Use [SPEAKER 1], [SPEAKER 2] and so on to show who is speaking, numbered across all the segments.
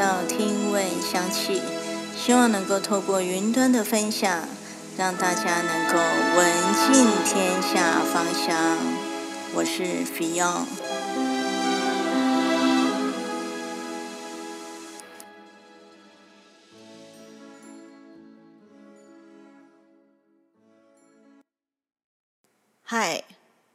[SPEAKER 1] 到聽聞香氣，希望能夠透過雲端的分享，讓大家能夠聞盡天下芳香。我是 Fiona。嗨，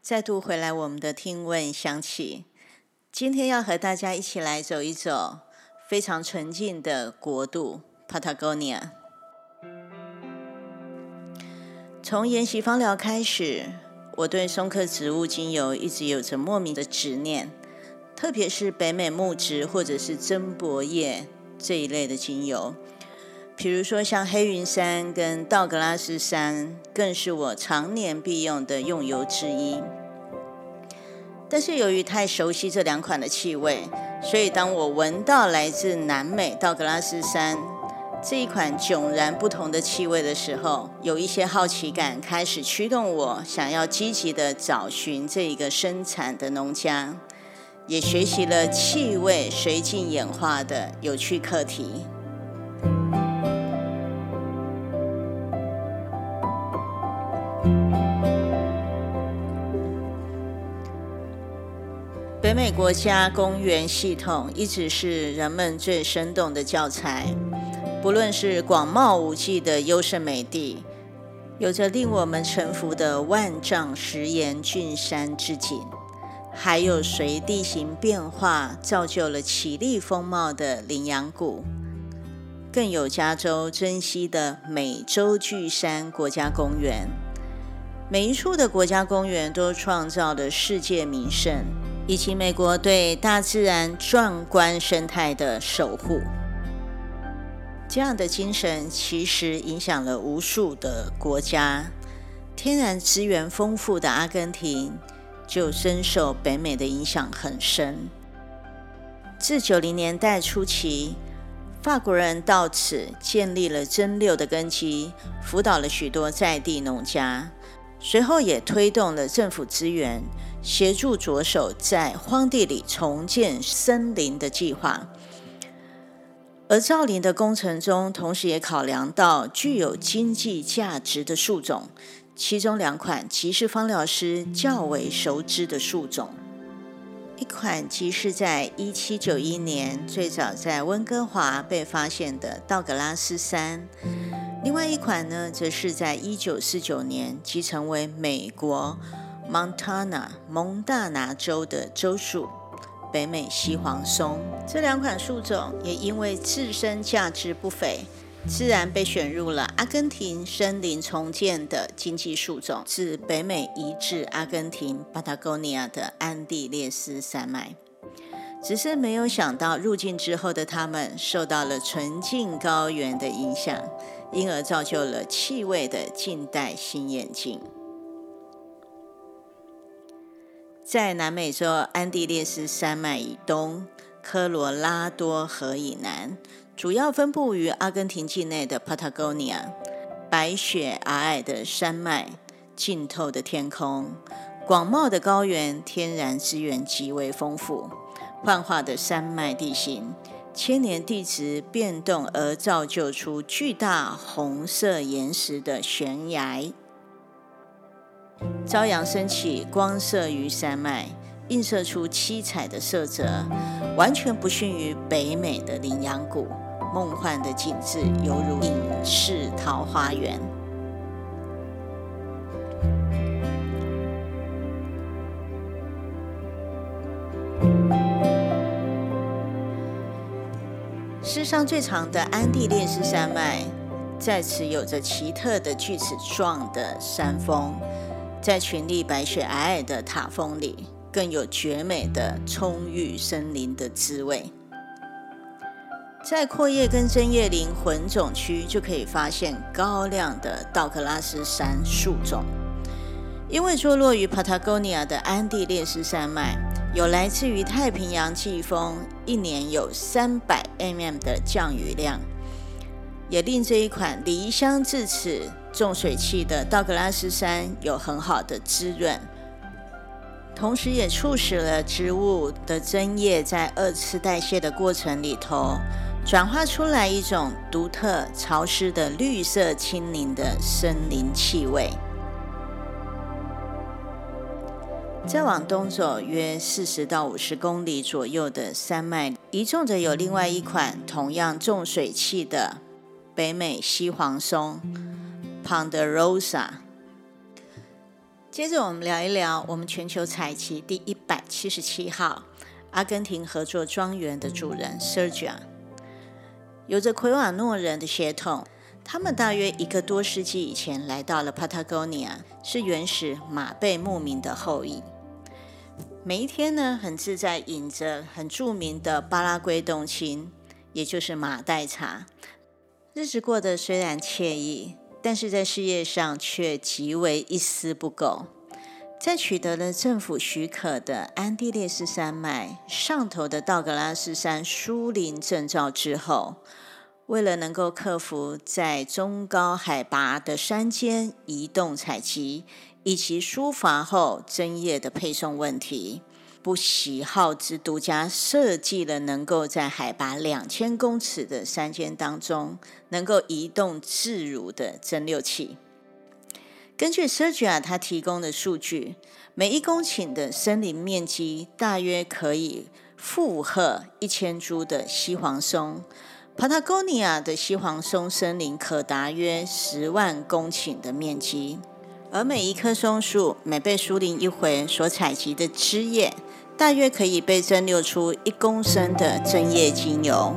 [SPEAKER 1] 再度回來我們的聽聞香氣，今天要和大家一起來走一走。非常純淨的國度，Patagonia。從研習芳療開始，我對松科植物精油一直有着莫名的執念，特別是北美木質或者是針柏葉這一類的精油。比如說像黑雲杉跟道格拉斯杉，更是我常年必用的用油之一。但是由於太熟悉這兩款的氣味。所以，當我聞到來自南美道格拉斯杉這一款迥然不同的氣味的時候，有一些好奇感開始驅動我，想要積極的找尋這一個生產的農家，也學習了氣味隨境演化的有趣課題。北美國家公園系統一直是人們最生動的教材。不論是廣袤無際的優勝美地，有着令我們臣服的萬丈石岩峻山之景，還有隨地形變化造就了綺麗風貌的羚羊谷，更有加州珍稀的美洲巨山國家公園。每一處的國家公園都創造了世界名勝。以及美國對大自然壯觀生態的守護，這樣的精神其實影響了無數的國家。天然資源豐富的阿根廷就深受北美的影響很深。自九零年代初期，法國人到此建立了蒸餾的根基，輔導了許多在地農家。隨後也推動了政府資源協助着手在荒地裡重建森林的計劃，而造林的工程中，同時也考量到具有經濟價值的樹種，其中兩款即是芳療師較為熟知的樹種，一款即是在一七九一年最早在溫哥華被發現的道格拉斯杉。嗯另外一款呢，則是在一九四九年即成為美國 Montana，蒙大拿州的州樹——北美西黃松。這兩款樹種也因為自身價值不菲，自然被選入了阿根廷森林重建的經濟樹種，自北美移至阿根廷巴塔哥尼亞的安第列斯山脈。只是沒有想到，入境之後的他們受到了純淨高原的影響。因而造就了氣味的近代新眼鏡，在南美洲安第列斯山脈以東、科羅拉多河以南，主要分布於阿根廷境內的 Patagonia，白雪皚皚的山脈、浸透的天空、廣袤的高原，天然資源極為豐富，幻化的山脈地形。千年地質變動而造就出巨大紅色岩石的懸崖，朝陽升起，光射於山脈，映射出七彩的色澤，完全不遜於北美的羚羊谷，夢幻的景致猶如隱世桃花源。世上最長的安地列斯山脈在此有着奇特的鋸齒狀的山峰，在群立白雪皚皚的塔峰裡，更有絕美的蔥鬱森林的滋味。在闊葉跟針葉林混種區，就可以發現高亮的道格拉斯杉樹種，因為坐落於 Patagonia 的安地列斯山脈。有來自於太平洋季風，一年有三百 mm 的降雨量，也令這一款離鄉至此種水汽的道格拉斯杉有很好的滋潤，同時也促使了植物的針葉在二次代謝的過程裡頭，轉化出來一種獨特潮濕的綠色、清靈的森林氣味。再往東走約四十到五十公里左右的山脈裡，移種着有另外一款同樣重水汽的北美西黃松 （Ponderosa）。接着，我們聊一聊我們全球採集第一百七十七號阿根廷合作莊園的主人 Sergio 有着奎瓦諾人的血統，他們大約一個多世紀以前來到了 Patagonia，是原始馬背牧民的後裔。每一天呢，很自在飲着很著名的巴拉圭冬青，也就是馬黛茶。日子過得雖然愜意，但是在事業上卻極為一絲不苟。在取得了政府許可的安地列斯山脈上頭的道格拉斯杉疏林證照之後，為了能夠克服在中高海拔的山間移動採集。以及疏伐後針葉的配送問題，不惜耗資獨家設計了能夠在海拔兩千公尺的山間當中能夠移動自如的蒸餾器。根據 s 計 a r a 他提供的數據，每一公頃的森林面積大約可以負荷一千株的西黃松。Patagonia 的西黃松森林可達約十萬公頃的面積。而每一棵松樹每被疏林一回所採集的枝葉，大約可以被蒸餾出一公升的針葉精油。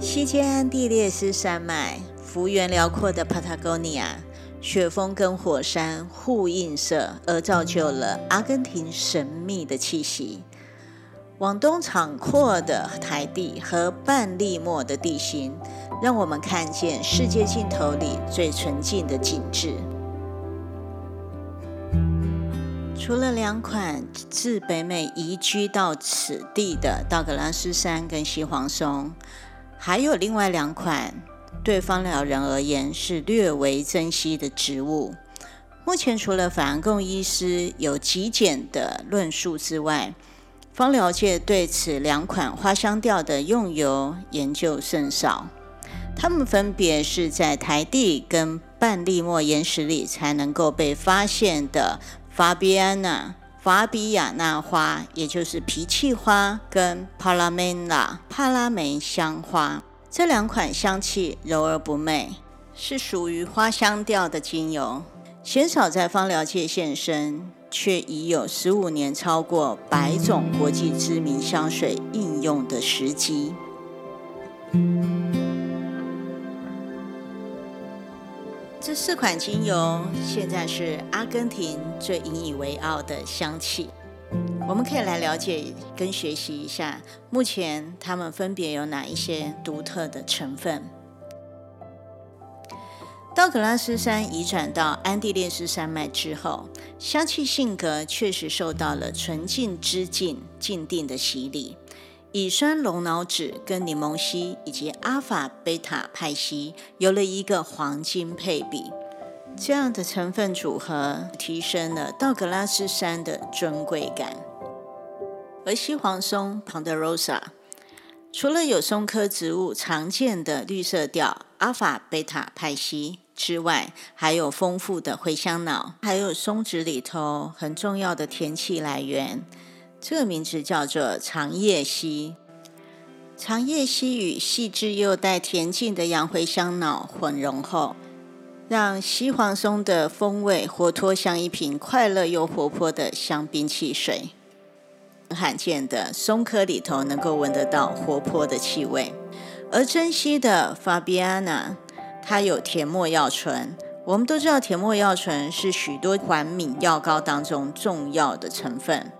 [SPEAKER 1] 西接安地列斯山脈、幅員遼闊的 Patagonia，雪峰跟火山互映射，而造就了阿根廷神秘的氣息。往東敞闊的台地和半立末的地形，讓我們看見世界盡頭裡最純淨的景致。除了兩款自北美移居到此地的道格拉斯杉跟西黃松，還有另外兩款對芳療人而言是略為珍稀的植物。目前除了法蘭貢醫師有極簡的論述之外，芳療界對此兩款花香調的用油研究甚少，它們分別是在台地跟半粒莫岩石裡才能夠被發現的法比安娜、法比亞那花，也就是皮奇花跟帕拉梅拉、帕拉梅香花，這兩款香氣柔而不媚，是屬於花香調的精油，鮮少在芳療界現身。卻已有十五年，超過百種國際知名香水應用的時機。這四款精油現在是阿根廷最引以為傲的香氣，我們可以來了解跟學習一下。目前它們分別有哪一些獨特的成分？道格拉斯杉移轉到安第列斯山脈之後，香氣性格確實受到了純淨之境、靜定的洗禮。乙酸龍腦酯跟檸檬烯以及阿爾法、貝塔派烯有了一個黃金配比，這樣的成分組合提升了道格拉斯杉的尊貴感。而西黃松 （Ponderosa） 除了有松科植物常見的綠色調，阿爾法、貝塔派烯之外，還有豐富的茴香腦，還有松子裡頭很重要的甜氣來源。這個名字叫做長葉烯。長葉烯與細緻又帶甜勁的洋茴香腦混溶後，讓西黃松的風味活脫像一瓶快樂又活潑的香檳汽水。很罕見的松科裡頭能夠聞得到活潑的氣味，而珍稀的 Fabiana。它有甜沒藥醇，我們都知道甜沒藥醇是許多緩敏藥膏當中重要的成分。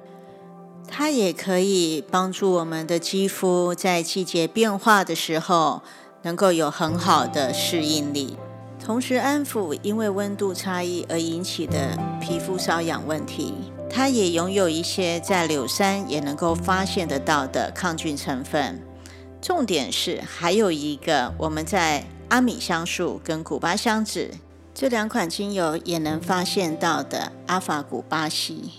[SPEAKER 1] 它也可以幫助我們的肌膚在季節變化的時候能夠有很好的適應力，同時安撫因為溫度差異而引起的皮膚瘙癢問題。它也擁有一些在柳杉也能夠發現得到的抗菌成分。重點是還有一個我們在。阿米香樹跟古巴香脂這兩款精油也能發現到的阿法古巴西，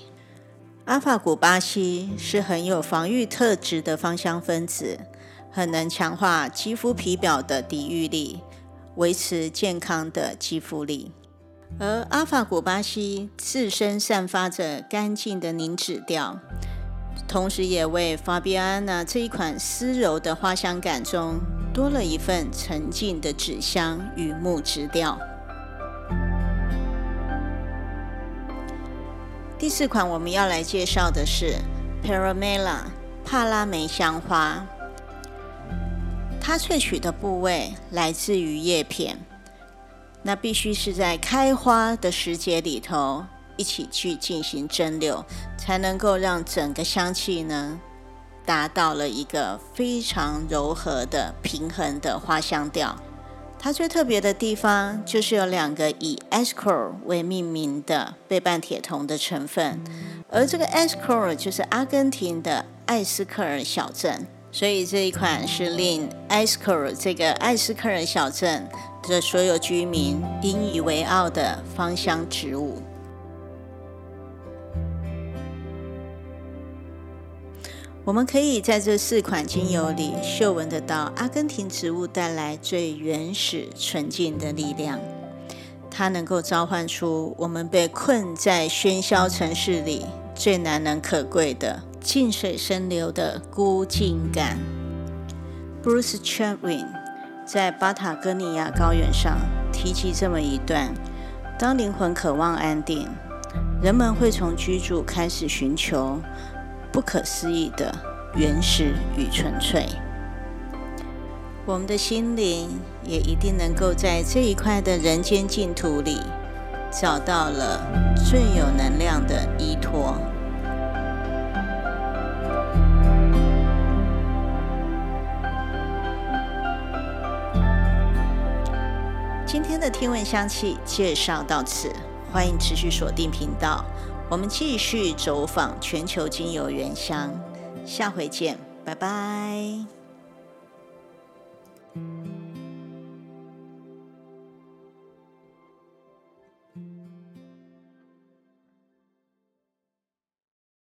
[SPEAKER 1] 阿法古巴西是很有防禦特質的芳香分子，很能強化肌膚皮表的抵禦力，維持健康的肌膚力。而阿法古巴西自身散發着乾淨的凝脂調，同時也為法比亞那這一款絲柔的花香感中。多了一份沉靜的脂香與木質調。第四款我們要來介紹的是 Paramela 帕拉梅香花，它萃取的部位來自於葉片，那必須是在開花的時節裡頭一起去進行蒸餾，才能夠讓整個香氣呢。達到了一個非常柔和的平衡的花香調。它最特別的地方就是有兩個以 Esquel 為命名的倍半萜酮的成分，而這個 Esquel 就是阿根廷的埃斯克爾小鎮，所以這一款是令 Esquel 這個埃斯克爾小鎮的所有居民引以為傲的芳香植物。我們可以在這四款精油裡嗅聞得到阿根廷植物帶來最原始純淨的力量，它能夠召喚出我們被困在喧囂城市裡最難能可貴的靜水深流的孤寂感。Bruce Chatwin 在巴塔哥尼亞高原上提及這麼一段：當靈魂渴望安定，人們會從居住開始尋求。不可思議的原始與純粹，我們的心靈也一定能夠在這一塊的人間淨土裡，找到了最有能量的依托。今天的天文香氣介紹到此，歡迎持續鎖定頻道。我們繼續走訪全球精油原鄉，下回見，拜拜。